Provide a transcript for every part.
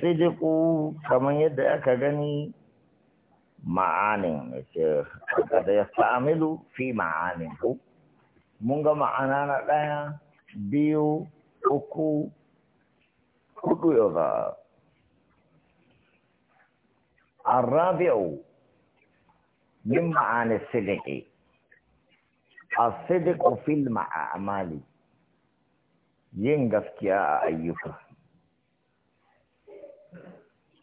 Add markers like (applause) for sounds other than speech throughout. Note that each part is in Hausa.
sidiku kamar yadda aka gani ma'anin ce da ya fa'amilu fi ma'anin ku mun ga ma'ana na ɗaya biyu uku hudu yau za a rabi'u min ma'ani sidiki a sidiku fil ma'amali yin gaskiya a ayyuka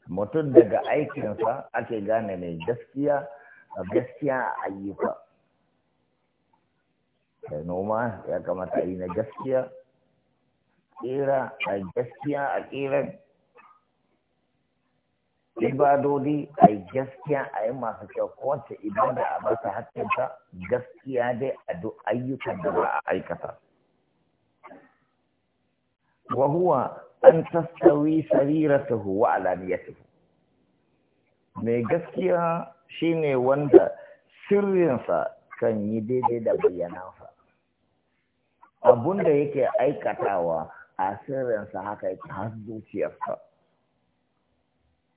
mutum daga aikinsa ake gane mai gaskiya a gaskiya a ayyuka da noma ya kamata yi na gaskiya tsira a gaskiya a ibadodi a gaskiya a yi masu kyau kowace ibada a basa hakkinta gaskiya dai a duk ayyukan da za a aikata wahuwa an tastawi sariratuhu wa alaniyatuhu mai gaskiya shine wanda sirrinsa kan yi daidai da bayyanansa Abunda yake aikatawa a sirrinsa haka yake har zuciyarsa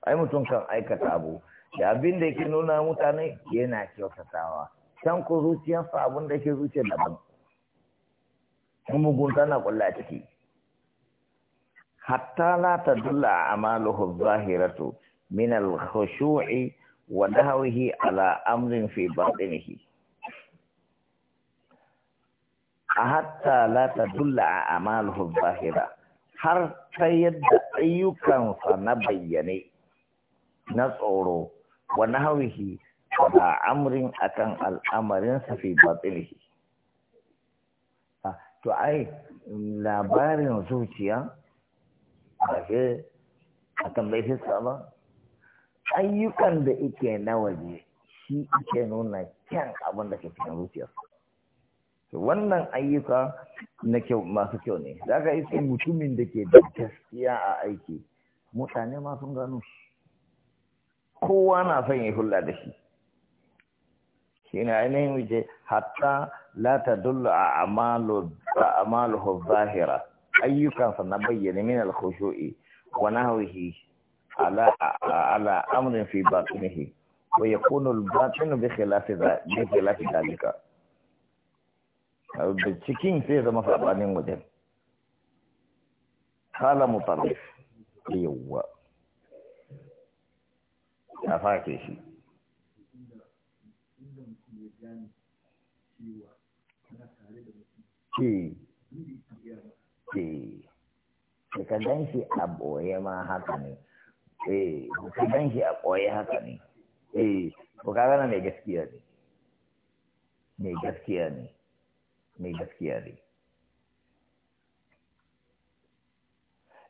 ai mutum kan aikata abu da abinda yake nuna mutane yana kyautatawa can ku zuciyarsa abun da yake zuciyar daban gunta na kulla a ciki hatta la tadulla amaluhu zahiratu min al-khushu'i wa ala amrin fi batinihi hatta la tadulla amaluhu zahira har ta yadda ayyukansa na bayyane na tsoro wa nahwihi ala amrin akan al'amarinsa fi batinihi to ai labarin zuciya ba a tambayi ba ayyukan da ike na waje shi ke nuna kyan abin da ke cikin zuciyarsa wannan ayyuka na kyau masu kyau ne za ka sun mutumin da ke da gaskiya a aiki mutane ma sun gano shi kowa na son ya hulla da shi shi ne ainihin wuce hatta la ta dulla a amalu zahira ayyukansa na bayyana min al-khushu'i wa nahwihi ala ala amrin fi batnihi wa yakunu al batnu bi khilafi bi khilafi dalika cikin sai zama masabanin wajen kala mutarif Yawa. ya fake shi ce eh ka gan shi a boye ma haka ne eh ka gan shi a boye haka ne eh ko ka gana mai gaskiya ne mai gaskiya ne mai gaskiya ne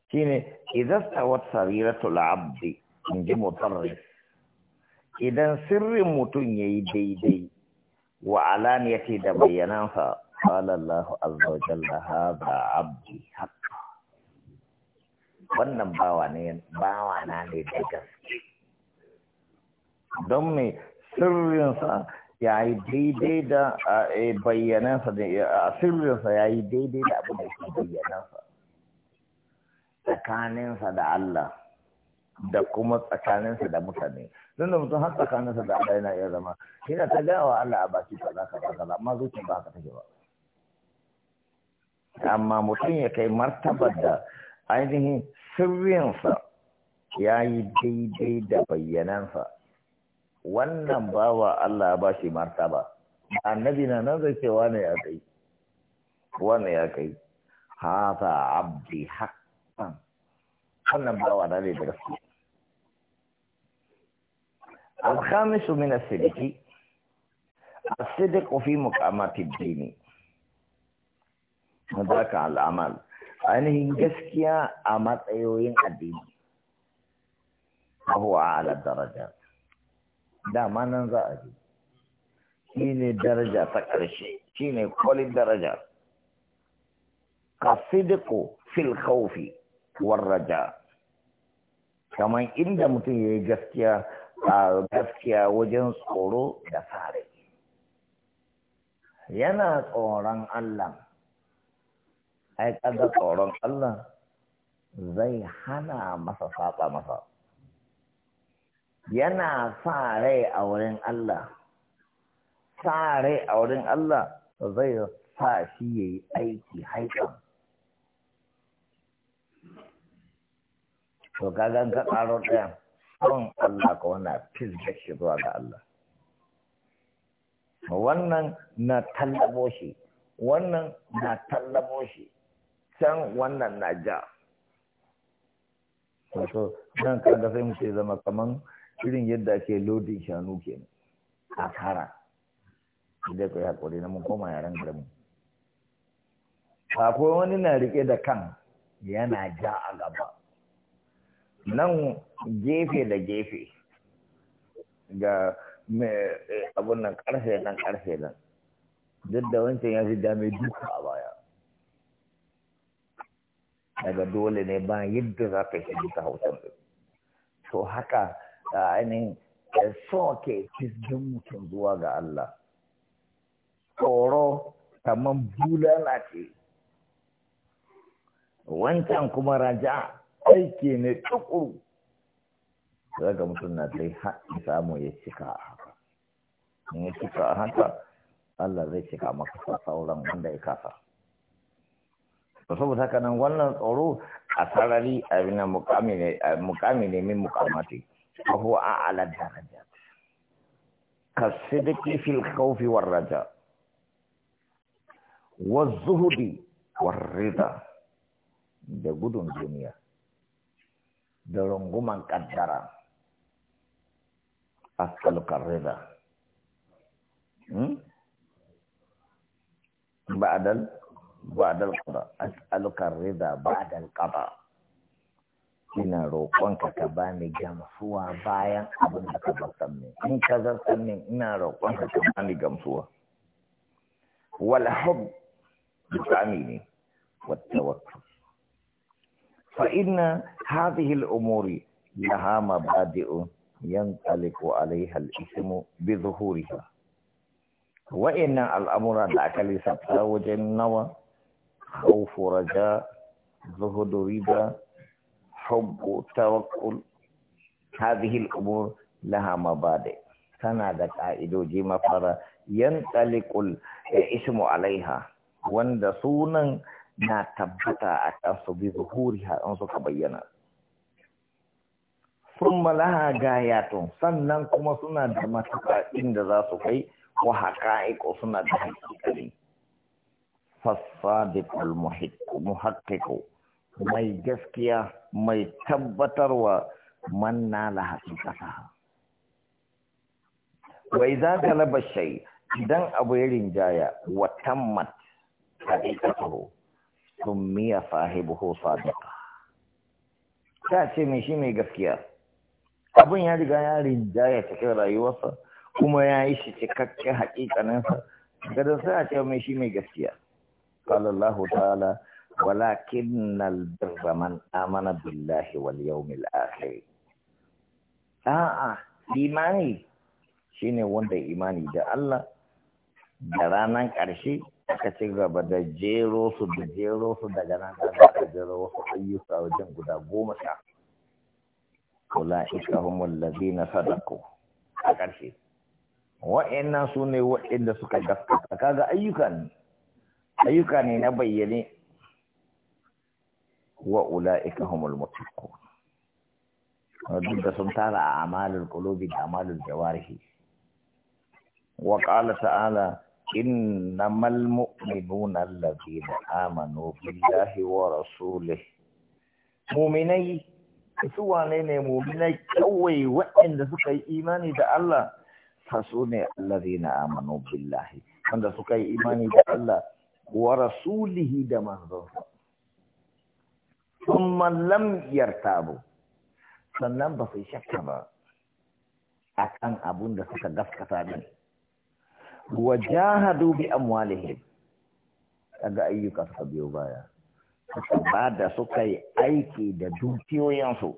shine idan tsawat sariratul abdi in ji mutarris idan sirrin mutum ya yi daidai wa alaniyati da bayyanansa qala Allahu azza wa jalla hada abdi haqqa wannan bawa ne bawa na ne da gaske don me sirrinsa ya yi daidai da e, bayyanansa da sirrinsa ya yi daidai da abin da ke bayyanansa tsakaninsa da Allah da kuma tsakaninsa da mutane don da mutum har tsakaninsa da Allah yana iya zama yana ta gawa Allah a baki kaza kaza kaza amma zuciya ba haka take ba amma mutum ya kai martabar da ainihin sirriyansa ya yi daidai da bayyanansa wannan bawa Allah ba shi martaba annabi na nan zai cewa ne ya kai wannan ya kai haza abdi haqqan wannan bawa na ne da gaske الخامس من السلك الصدق في مقامات الدين mazaka al'amal ainihin gaskiya a matsayoyin addini a huwa ala daraja dama nan za a ji shi ne daraja ta ƙarshe shi ne kwalin daraja ka fil khawfi war raja kamar inda mutum ya yi gaskiya a gaskiya wajen tsoro da sare. yana tsoron Allah ai kaga tsoron Allah zai hana masa saba masa yana sa rai a wurin Allah sa rai a wurin Allah zai sa shi yayi aiki haifa to kaga ga karo daya son Allah ko na fizga shi zuwa ga Allah wannan na tallabo shi wannan na tallabo shi can wannan na ja wato nan kaga sai mu zama kaman irin yadda ake lodin shanu kenan a kara idan ku haƙuri na mun koma yaren garin ba wani na riƙe da kan yana ja a gaba nan gefe da gefe ga eh, abun nan karfe nan karfe nan duk da wancan ya fi dame duka a baya daga dole ne ba yadda za ka shi ta hautar da to haka ainihin eh, so ke cikin mutum zuwa ga Allah tsoro kamar bulala ce wancan kuma raja aiki ne tukuru daga mutum na dai haɗin samu ya cika a haka in ya cika a haka Allah zai cika maka sauran wanda ya kasa to saboda haka nan wannan tsoro a sarari a nan mukami ne eh, min mukamati a huwa a'la daraja ka sidiki fil kaufi war raja wa zuhudi war rida da gudun duniya da runguman kaddara asaluka rida hmm? ba'dal بعد القضاء أسألك الرضا بعد القضاء ina roƙonka ka bani gamsuwa bayan abin da ka zartar min in ka zartar min ina roƙonka ka bani gamsuwa wal hub bisani ne wat tawakkul fa inna hadhihi al umuri laha mabadi'u yantaliqu alaiha al ismu bi dhuhuriha wa inna al amura da aka lissafta wajen nawa خوف رجاء زهد رضا حب توكل هذه الأمور لها مبادئ تنادى قائد جيما فرا ينطلق الاسم عليها وند سونا na tabbata a kansu bi zuhuriha in suka bayyana sun malaha gayatun sannan kuma suna da matuƙa inda za su kai wa haƙa'iƙo suna da haƙiƙari fasadikul muhakkiku mai gaskiya mai tabbatarwa man nala ƙasa. wai za raba shai idan abu ya rinjaya wa tammat haƙiƙatuhu sun miya sahibuhu sadiqa ta ce mai shi mai gaskiya abin ya riga ya rinjaya cikin rayuwarsa kuma ya yi shi cikakken haƙiƙaninsa gadon sai a ce mai shi mai gaskiya قال الله تعالى ولكن البر من آمن بالله واليوم الآخر آه إيماني shine wanda imani da Allah da ranar ƙarshe aka ci gaba da jero su da jero su daga nan aka jero wasu ayyuka wajen guda goma sha ula'ika humul ladina a ƙarshe wa'annan su ne wa'anda suka gaskata kaga ayyukan ayyuka ne na bayyane wa ula'ika humul mutaqun duk da sun tara a amalul qulubi da amalul jawarihi wa qala ta'ala innamal mu'minuna alladhina amanu billahi wa rasulihi mu'minai su wane ne mu'minai kawai waɗanda suka yi imani da Allah fa alladhina amanu billahi wanda suka yi imani da Allah wa rasulihi da manzonsa thumma lam yartabu sannan ba su shakka ba a kan abun da suka gaskata din wa jahadu bi amwalihim daga ayyuka suka biyo baya suka ba da suka yi aiki da dukiyoyinsu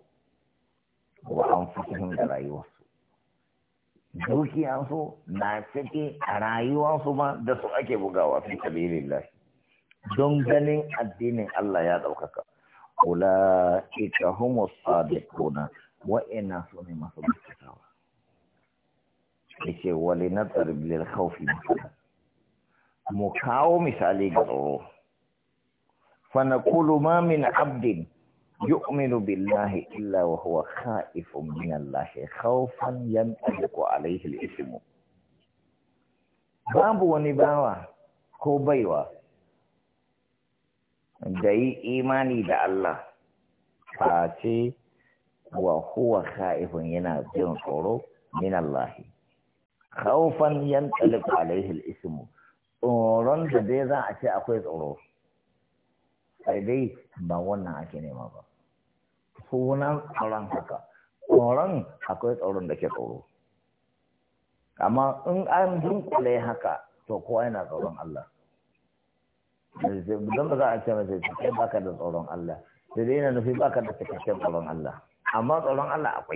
wa anfusihim da rayuwa dukiyansu na suke a rayuwarsu ma da su ake bugawa fi lafi don ganin addinin Allah ya ɗaukaka ulaika humus wa wa'ina su ne masu gaskatawa Ike wali na tsarbilil khawfi mu kawo misali ga tsoro Fana ma min abdin yu'minu billahi illa wa huwa kha'ifun min Allah khawfan yantaliqu alayhi al babu wani bawa ko baiwa da yi imani da Allah face wa huwa kha'ifun yana jin tsoro min Allah khawfan yantaliqu alayhi al tsoron da dai za a ce akwai tsoro sai dai ba wannan ake nema ba sunan tsoron haka Orang haka itu orang dekat kuru. amma in an kule haka So kuai nak orang Allah don tak ada macam ce mace kai baka da tsoron Allah sai dai yana nufi baka da cikakken orang Allah amma orang Allah apa?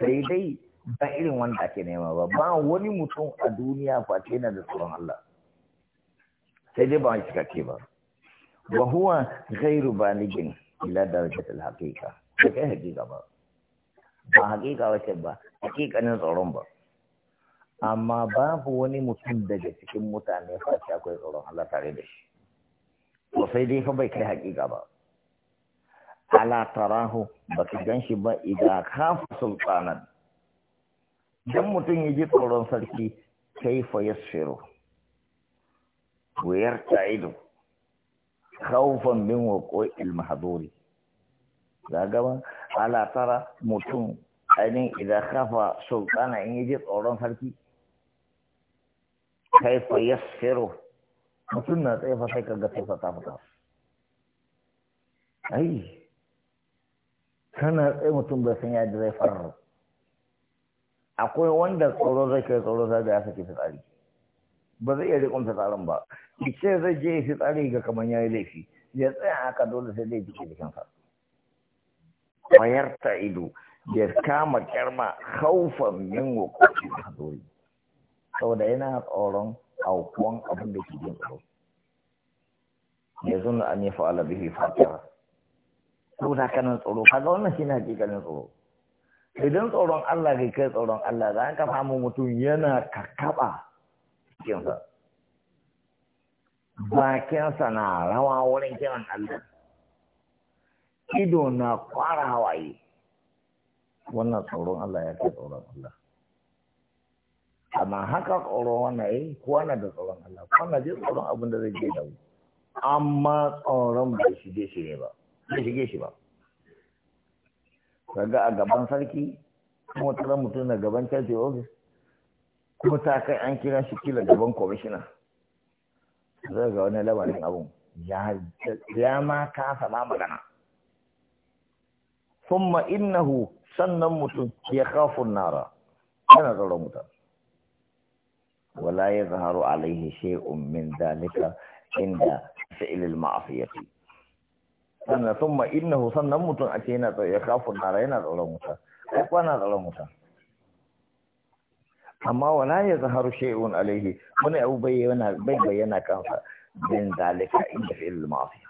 sai dai ba irin wanda ake nema ba ba wani mutum a duniya face yana da tsoron Allah sai dai ba wani cikakke ba wa huwa ghairu baligin da darajatul haqiqa ba kai haƙiƙa ba ba haƙiƙa wace ba haƙiƙanin tsoron ba amma babu wani mutum daga cikin mutane face akwai tsoron Allah tare da shi to sai dai fa bai kai haƙiƙa ba ala tarahu gan ganshi ba idan kafa sultanan dan mutum ya ji tsoron sarki kaifa yasfiru wayar ta'idu khawfan wa wuqu'il mahduri ga gaba ala tara mutum ainihin idan kafa sultana in yi ji tsoron sarki kaifa yassiru mutum na tsaye fa sai ka ga sai ta fita ai kana tsaye mutum bai san yadda zai fara akwai wanda tsoro zai kai tsoro zai ya saki fitsari ba zai iya rikon fitsarin ba ce zai je fitsari ga kamar ya yi laifi ya tsaya haka dole sai zai jike jikinsa wayar ta ido ya kama kyarma haufan min wakocin hadori saboda yana tsoron aukuwan abin da ke jin tsoro ya zuna an yi fa'ala bihi fatiha da kanan tsoro kaga wannan shi ne hakikanin tsoro idan tsoron Allah kai kai tsoron Allah za ka famu mutum yana kakaba cikinsa bakinsa na rawa wurin kiran Allah ido na kwara hawaye wannan tsoron Allah ya kai tsoron Allah amma haka tsoron wannan yi eh, kwana da tsoron Allah kwana je tsoron abin da zai je da amma tsoron shi je shi ne ba bai shige shi ba daga a gaban sarki kuma tsoron mutum na gaban caji ofis kuma ta kai an kira shi kila gaban kwamishina zai ga wani lamarin abun ya ma kasa ma magana ثم انه سنموت يخاف النار انا ظلمت ولا يظهر عليه شيء من ذلك عند سئل المعافية أنا ثم إنه سنموت أكينا يخاف النار أنا ظلمت أنا ظلمت أما ولا يظهر شيء عليه من أو بينا بي من ذلك عند سئل المعافية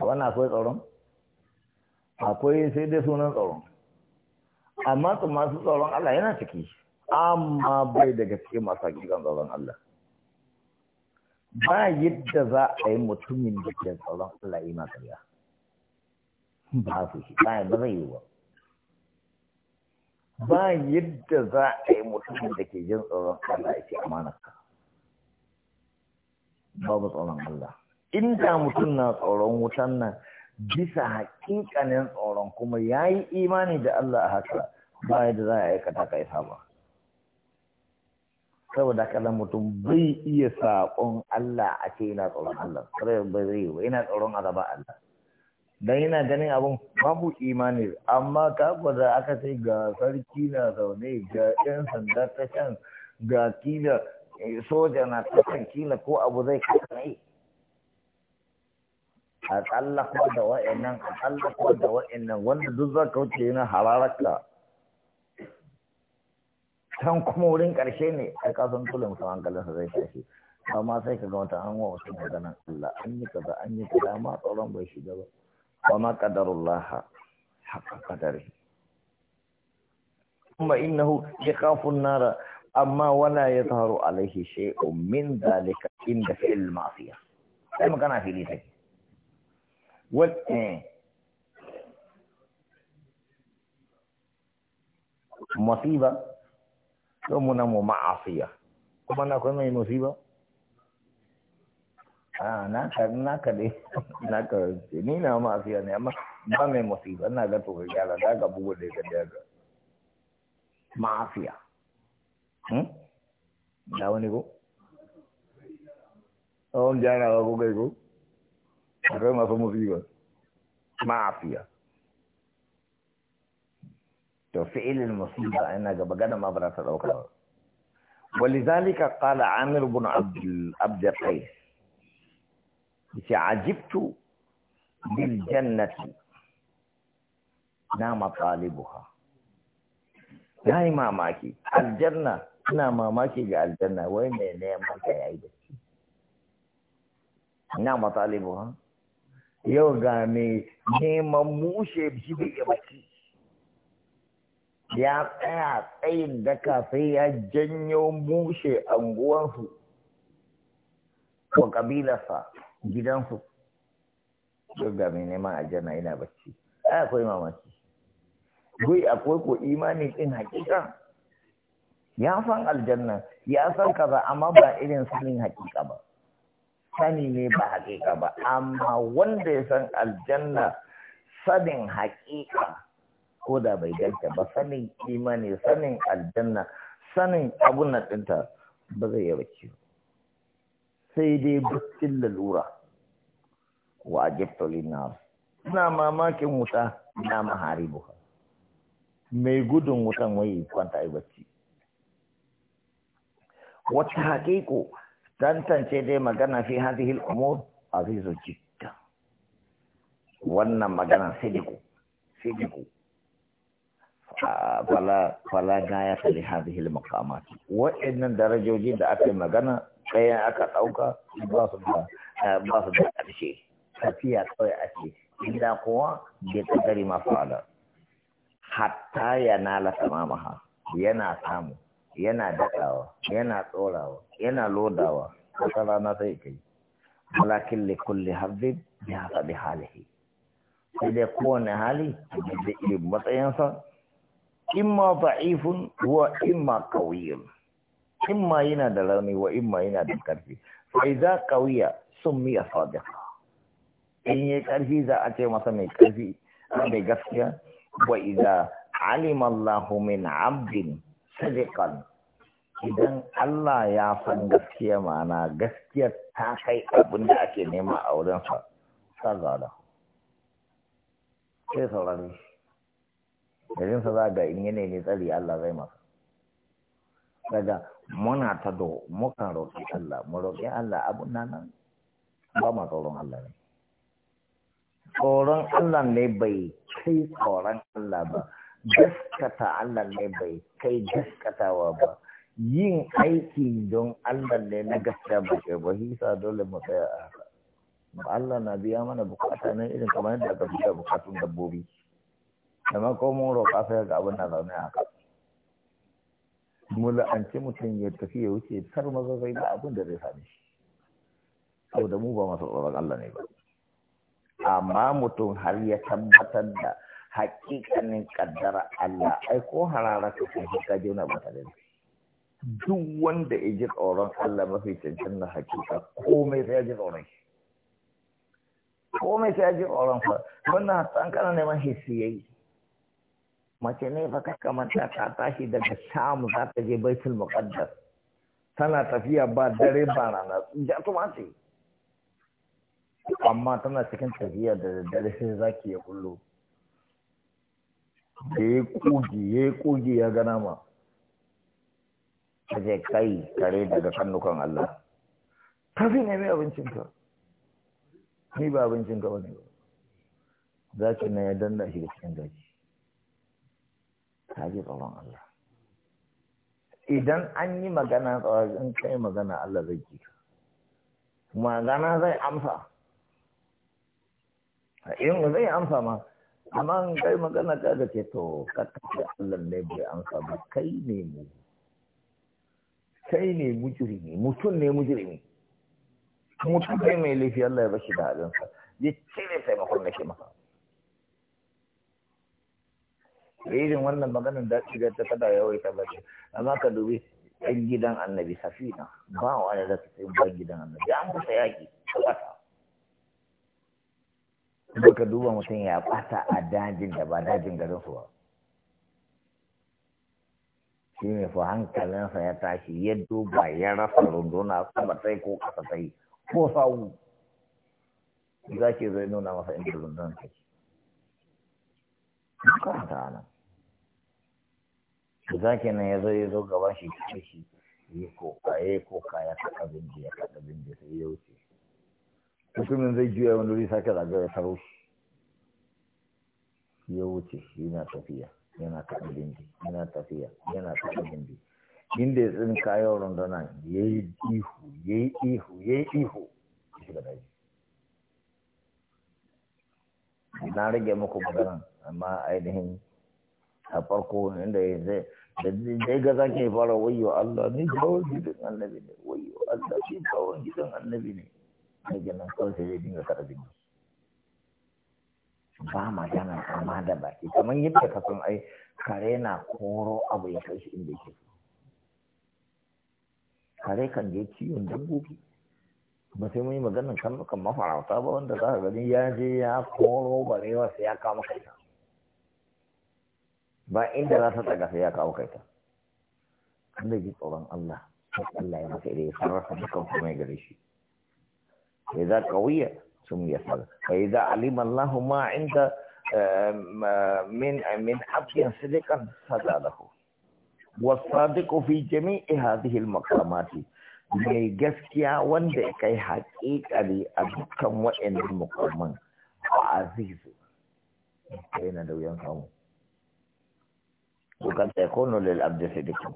وأنا أقول ظلمت akwai sai dai sunan tsaron amma su masu tsaron Allah yana ciki amma bai daga cikin masu hakikan tsaron Allah ba yadda za a yi mutumin da ke tsaron Allah yi ya ba su shi ba ba zai yi ba ba yadda za a yi mutumin da ke jin tsaron Allah ya ce amanarka babu tsaron Allah inda mutum na tsaron wutan nan bisa haƙiƙanin tsoron kuma ya yi imani da Allah a haka ba yadda za a aikata ka isa ba. Saboda kalan mutum bai iya saƙon Allah a ce yana tsoron Allah, sarai bai zai yi yana tsoron azaba Allah. Dan yana ganin abin babu imani amma ka da aka ce ga sarki na zaune ga 'yan sanda ta can ga kila soja na ta kila ko abu zai kasance. a tsallafa da wa'annan a tsallafa da wa'annan wanda duk za ka wuce yana hararka can kuma wurin ƙarshe ne a kasan tulin mutum hankalinsa zai tashi amma sai ka ga an hanwa wasu maganan Allah an yi kaza an yi kaza amma tsoron bai shiga ba wa ma haka haqa qadari kuma innahu ya kafin nara amma wala yadhharu alaihi shay'un min dhalika inda fi'l ma'siyah sai magana fili take wal eh musiba to muna mu ma'asiya kuma na kuma mai musiba a ah, naka naka na ka dai na ka ni (laughs) na ma'asiya ne amma ba mai musiba na ga to ga yara da ga bugu da ga da ma'asiya hmm da wani ko Oh, jara ko kai ko ما في مصيبة Máfia. Então, se ele não se dá, é na gabagada, mas ولذلك قال عامر بن عبد عبد القيس عجبت بالجنة نام طالبها ما إمامك الجنة نام إمامك جاء الجنة وين ما ماك يا عيد ما طالبها yau ga mai neman mushe shi bai iya baki ya tsaya tsayin daka sai ya janyo mushe anguwansu ko kabilarsa gidansu yau ga mai neman aljanna yana bacci ai akwai mamaki gui akwai ko imani din hakika ya san aljanna ya san kaza amma ba irin sanin hakika ba sani ne ba hakika ba amma wanda ya san aljanna sanin haƙiƙa ko da bai ganta ba sanin kima ne sanin aljanna sanin abun na ɗinta ba zai yaba ciwo sai dai baccin lalura wa na ba ina mamakin wuta na maharibu mai gudun wutan wai kwanta ai bacci wata haƙiƙo tantance dai magana fi hadhihi al-umur azizu jidda wannan magana sidiku sidiku fala fala gaya li hadhihi al-maqamat wa'annan darajoji da aka magana ɗaya aka dauka ba su da eh, ba su da ƙarshe tafiya a ce inda kuwa bi qadari ma fa'ala hatta la tamamaha yana samu yana dakawa yana tsorawa yana lodawa wata rana sai kai walakin li kulli habib bi hasabi halihi sai dai kowane hali da irin matsayinsa imma da'ifun wa imma qawiyun imma yana da rauni wa imma yana da karfi fa idza qawiya summiya sadiqa in yi karfi za a ce masa mai karfi mai gaskiya wa idza alima Allahu min 'abdin sadiqan idan Allah ya san gaskiya ma'ana gaskiya ta kai abin da ake nema a wurinsa sagala sai saurari irin sa zaga in yi ne tsari Allah zai masa daga muna ta do muka roƙi Allah mu roƙi Allah abun nan nan ba ma tsoron Allah ne tsoron Allah ne bai kai tsoron Allah ba gaskata Allah ne bai kai gaskatawa ba yin aiki don Allah ne na gaskiya ba ke ba hisa dole mu tsaya a haka Allah na biya mana bukata na irin kamar yadda aka fi bukatun dabbobi da ma ko mun roƙa sai ga abin na zaune a haka mu la'anci mutum ya tafi ya wuce tar maza zai ba abin da zai same shi saboda mu ba masu tsoron Allah ne ba amma mutum har ya tabbatar da hakikanin kaddara Allah ai ko harara ka kai ka jona ba tare da duk wanda ya ji tsoron Allah mafi cancan na hakika komai sai ya ji tsoron shi komai sai ya ji tsoron fa wannan hatta an kana neman hissi yayi mace ne fa kaka manta ta tashi daga samu za ta je baitul muqaddas tana tafiya ba dare ba rana ja kuma ce amma tana cikin tafiya da dare sai zaki ya kullu da ya kugi ya yi ya gana ma kaje kai kare daga kannukan Allah tafi nemi abincinka ni ba abincinka wani ba ki na ya danda shi da cikin daji ka ji tsoron Allah idan an yi magana tsawon kai magana Allah zai ji ka magana zai amsa in zai amsa ma amma in kai magana ta da ke to kakkace Allah ne bai amsa ba kai ne mu kai ne mujrimi mutum ne mujrimi mutum ne mai laifi Allah ya bashi da halinsa ya ne taimakon da ke masa irin wannan magana da shiga ta kada yawai ta bace amma ka dubi ɗan gidan annabi safina ba wani da ta ban gidan annabi an kusa yaƙi ta kuma ka duba mutum ya ɓata a dajin da ba dajin garin su ba shi ne fa hankalinsa ya tashi ya duba ya rasa runduna sama sai ko kasa sai ko sawu za ke zai nuna masa inda rundunar ta ke ta ana za ke nan ya zo ya zo gaban shi kai shi ya yi ko kaya ya kaɗa bindi ya kaɗa bindi sai ya wuce mutumin zai juya wani wuri sake zagar ya taro shi ya wuce yana tafiya yana kaɗa dindi yana tafiya yana kaɗa dindi inda ya tsin kayan rundunan ya yi ihu ya yi ihu ya yi ihu ya shiga daji na rage muku maganan amma ainihin a farko inda ya zai da zai ga zaki fara wayo Allah ni kawai gidan annabi ne wayo Allah shi kawai gidan annabi ne sai ganin kawai sai zai dinga kada jini ba magana kama da baki kamar yadda ka san ai kare na koro abu ya kai shi inda yake kare kan je ciwon dabbobi ba sai mun yi maganin kan mafarauta ba wanda za ka gani ya je ya koro barewa sai ya kama kaita ba inda za ta tsaga sai ya kawo kaita kan da ji tsoron Allah Allah ya masa ya sarrafa dukkan kuma ya gare shi إذا قوية سمي هذا فإذا علم الله ما عند من من عبد صدقا سدى له والصادق في جميع هذه المقامات كي جسكيا وندي كي حقيقة لي أدكم وإن المقام عزيز كينا دو ينفهم وكان تكون للعبد صدقا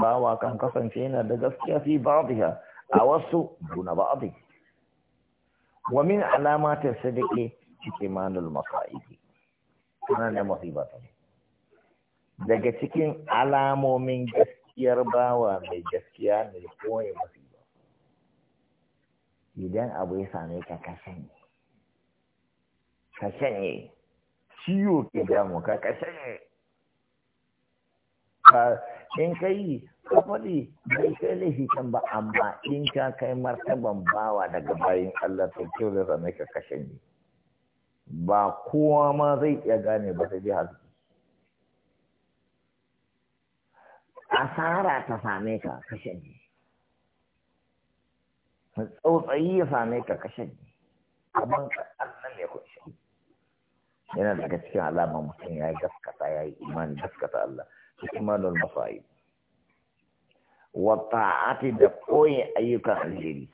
باوا كم كفن كينا دو في بعضها أوسو دون بعضه wa min alamatin sadiki ikimanul masa'ibi ana da musiba ta daga cikin alamomin gaskiyar bawa mai gaskiya mai koyi musiba idan abu ya same ka ka shanye ka shanye ciwo ke damu ka ka shanye in ka yi ka faɗi bai kai laifi can ba amma in ka kai martaban bawa daga bayan Allah ta kyau da zama ka kashe ni ba kowa ma zai iya gane ba ta jihar asara ta same ka kashe ni tsautsayi ya same ka kashe ni abin ka Allah ne kunshi yana daga cikin alamar mutum ya gaskata ya yi imani gaskata Allah ikmalul mafaid wa ta'ati da koyi ayyukan alheri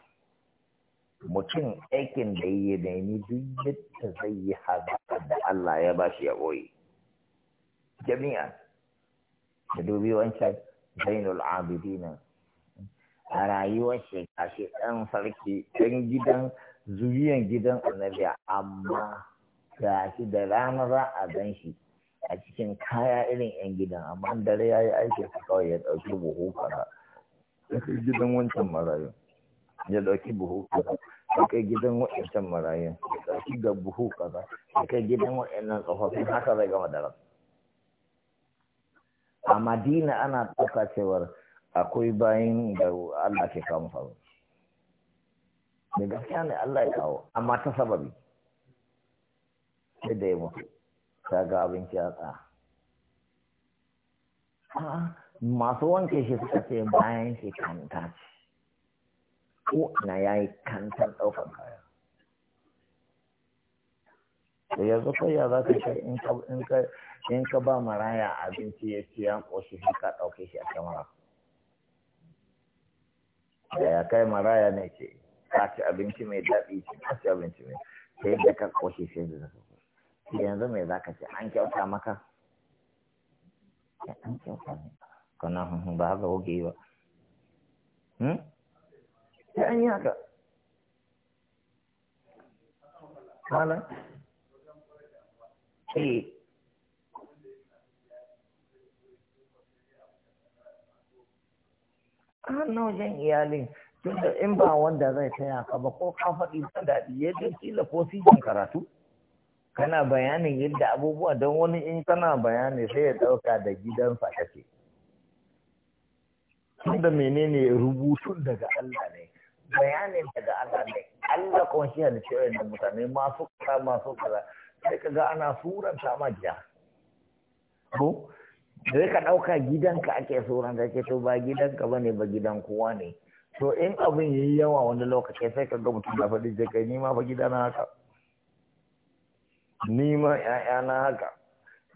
mutum aikin da yi da ni duk yadda zai yi hada da Allah ya ba shi ya koyi jami'a da dubi wancan zainul abidina a rayuwar shekashe ɗan sarki ɗan gidan zuriyan gidan annabiya amma ga shi da ranar a gan shi a cikin kaya irin yan gidan amma dare ya yi aiki su kawai ya ɗauki buhu kara ya kai gidan wancan marayu ya ɗauki buhu kara ya kai gidan wancan marayu ya ɗauki ga buhu kara ya kai gidan wancan tsofaffin haka zai gama dara a madina ana ɗauka cewar akwai bayan da Allah ke kawo faru da gaskiya ne Allah ya kawo amma ta sababi sai da ya mutu ka ga abinci a tsa masu wanke shi suka ce bayan shi kanta ce ko na ya yi kantar ɗaukar kaya da yanzu ya za ka ce in ka ba maraya abinci ya ce ya ƙoshi shi ka ɗauke shi a kamara da ya kai maraya ne ce ka ci abinci mai daɗi ce ka ci abinci mai sai da ka ƙoshi shi. da zafi yanzu mai za ka ce an kyauta maka eh, an kyauta ne kana hunhun (laughs) ba haka kuke yi ba sai hmm? eh, an yi haka malam eh hannun ah, wajen iyalin da in ba wanda zai taya ka ba ko ka faɗi ba daɗi yadda kila ko sijin karatu kana bayanin yadda abubuwa don wani in kana bayani sai ya ɗauka da gidansa kake tunda menene rubutun daga Allah ne bayanin daga Allah ne Allah kuma shi halitta da mutane masu kara masu kara sai ka ga ana suranta ma gida ko sai ka ɗauka gidanka ake da ke to ba gidanka ba ne ba gidan kowa ne to in abin yi yawa wani lokaci sai ka ga mutum da faɗi je kai ni ma fa gidana haka ni ma ‘ya'yana haka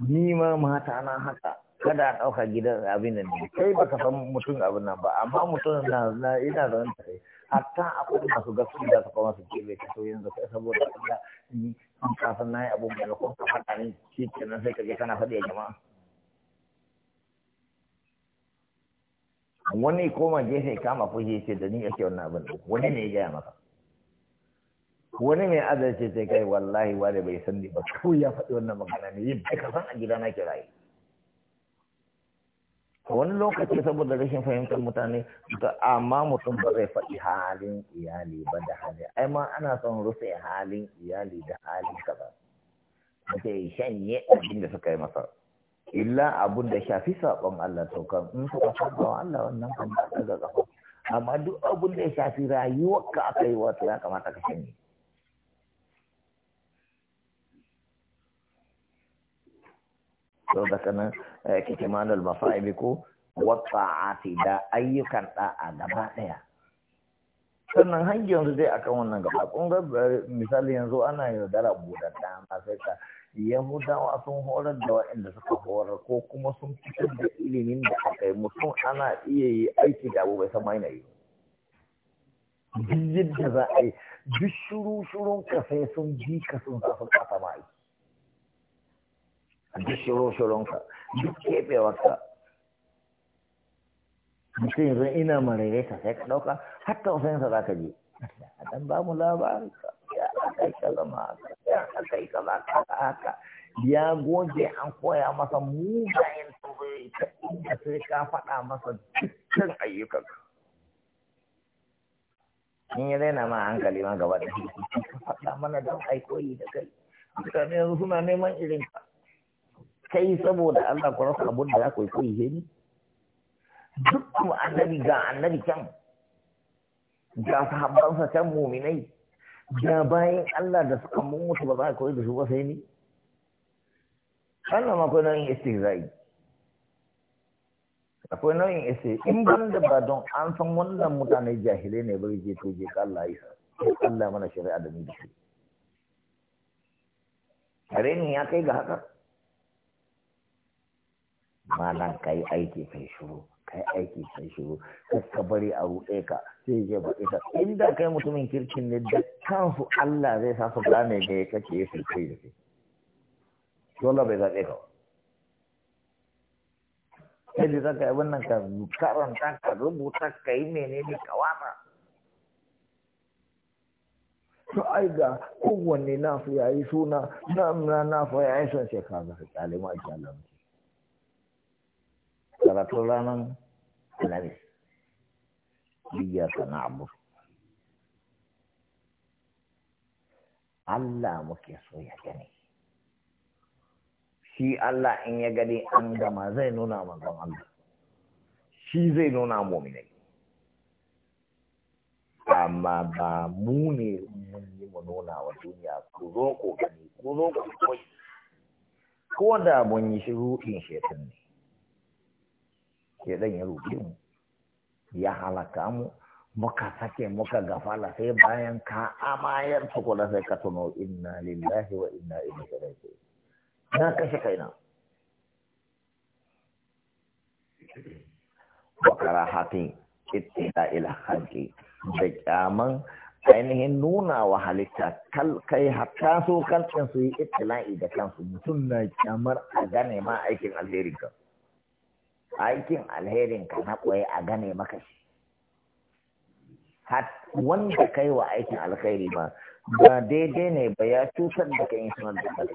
ni ma mata na haka kada a ɗauka gidan abin nan ne kai ka san mutum abin nan ba amma mutum na na ina da wani tare hatta kudu masu gasu da su kama su bai ta to da kai saboda Allah in ka na yi abin da ko ka faɗa ne shi kenan sai ka ga kana faɗi a jama'a wani koma gefe kama fushi ce da ni yake wannan abin wani ne ya gaya maka wani mai adalci zai kai wallahi wani bai san ni ba ko ya faɗi wannan magana ne yin bai kasan a gida na kiraye wani lokaci saboda rashin fahimtar mutane da amma mutum ba zai faɗi halin iyali ba da hali ai ma ana son rufe halin iyali da hali kaza mace ya shanye abin da suka yi masa illa abun da shafi saɓon Allah saukan in suka saɓa Allah wannan kan ba daga kafa amma duk abun da ya shafi rayuwarka aka yi wata ya kamata ka shanye sau da kanan eh, kikimanul masa'ibi ko wata'ati da ayyukan a gaba daya sannan har yanzu dai akan wannan gaba kun ga eh, misali yanzu ana dara buɗa dama sai ka yahudawa sun horar da waɗanda suka horar ko kuma sun fitar da ilimin da aka yi mutum ana iya yi aiki da abu bai na yi duk yadda za a duk shuru shurun ka sai sun ji ka sun za su kasa ma aiki duk shiro-shironka duk keɓewarka mutum yanzu ina marere ka sai ka ɗauka har tausayinsa za ka je a ɗan ba mu labarin ka ya aka yi ka zama haka ya aka yi ka za ka haka ya goge an koya masa mugayen tambayoyi ta inda sai ka faɗa masa dukkan ayyukanka in ya daina ma hankali ma gaba da ka faɗa mana don aikoyi da kai mutane yanzu suna neman irin ka kai saboda Allah ku rasa abun da za ku yi ko he ni duk kuma annabi ga annabi can ga sahabbansa can muminai ga bayan Allah da suka mutu ba za ku yi da su ba sai ni Allah ma akwai nau'in istizai akwai nau'in ese in ban da ba don an san wannan mutane jahilai ne bari je to je ka Allah ya Allah mana shari'a da ni da shi. Kare ni ya kai ga haka. malam kai aiki kai shiru kai aiki kai shiru ka bari a ruɗe ka sai je ba ita inda kai mutumin kirkin ne da kansu Allah zai sa su gane ne kake yi su kai da kai dole bai zaɓe ka sai da zaka yi wannan ka karanta ka rubuta ka yi menene ka watsa to ai ga kowanne na yayi suna na nasu yayi son shekara ka kyale ma Allah mutum karatun ranar alamis iyaka na abu Allah muke so ya gani shi Allah in ya gani an gama zai nuna manzon Allah shi zai nuna mominai amma ba mu ne mun yi mu nuna wa duniya ku zo ku gani ku zo ku koyi ko da mun yi shiru in shetan ne shedan ya rufe mu ya halaka mu muka sake muka gafala sai bayan ka amayar tukuna sai ka tuno inna lillahi wa inna ilaihi raji'un na kashe kaina wa karahati ittida ila haji da kyaman ainihin nuna wa halitta kal kai hatta so kan su yi ittila'i da kansu mutum na kyamar a gane ma aikin alherin ka aikin alherin ka na koyi a gane maka shi har wanda kai wa aikin alkhairi ba ba daidai ne ba ya cutar da kai sanar da kai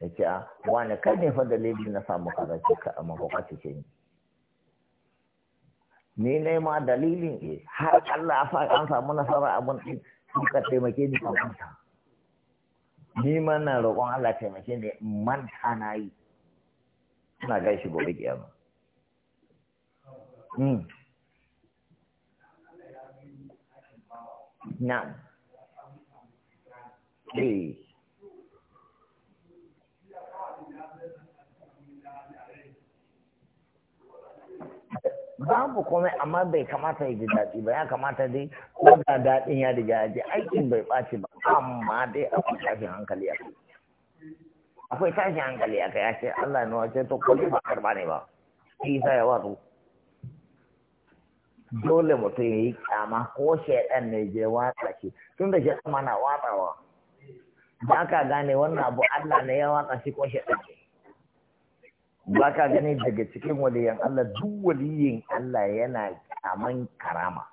ya ce a ah, wani kai ne fa dalilin na samu kaza ce ka amma ba ce ni ni ne ma dalilin e har Allah fa an samu nasara abun din sun ka taimake ni kamar ta ni ma na roƙon Allah taimake ni manta na yi suna gaishe gobe kiyama hmm. Na. Ba eh. babu komai amma bai kamata ya ji daɗi ba ya kamata dai ko da daɗin ya riga ya ji aikin bai ɓaci ba amma dai a shafin hankali a kai akwai tashi hankali a kai ce Allah ne wace to kulli ba karba ne ba isa ya wato dole mutum ya yi kyama ko shaidan ne je watsa shi tun da kuma na watsawa ba ka gane wannan abu Allah ne ya watsa shi ko shaidan ne ba ka gani daga cikin waliyan Allah duk waliyin Allah yana kyaman karama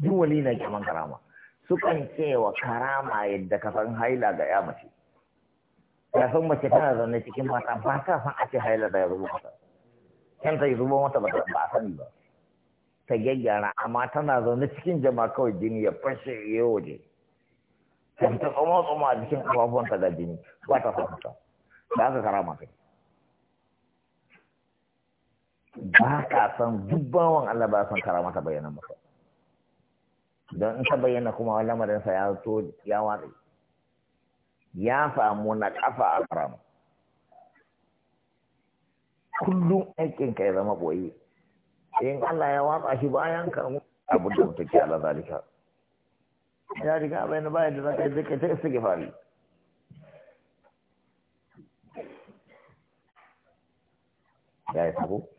duk wali na kyaman karama sukan ce wa karama yadda ka san haila ga ya mace kafin mace tana zaune cikin mata ba ta san a ce haila da ya zubo mata kanta ya zubo mata ba a sani ba ta gyaggyara amma tana zaune cikin jama'a kawai jini ya fashe ya waje ta fita tsoma tsoma a jikin kafafuwanta da jini ba ta san ta da aka kara mata ba ka san dubbawan Allah ba san kara mata bayanan masa don in ta bayyana kuma lamarinsa ya zo ya watsi ya samu na kafa a karam kullum aikin ka ya zama boye in Allah ya watsa shi bayan ka abu da mutu ke ala zalika ya riga bai na bayan da zaka yi zaka ta istighfari ya yi sabo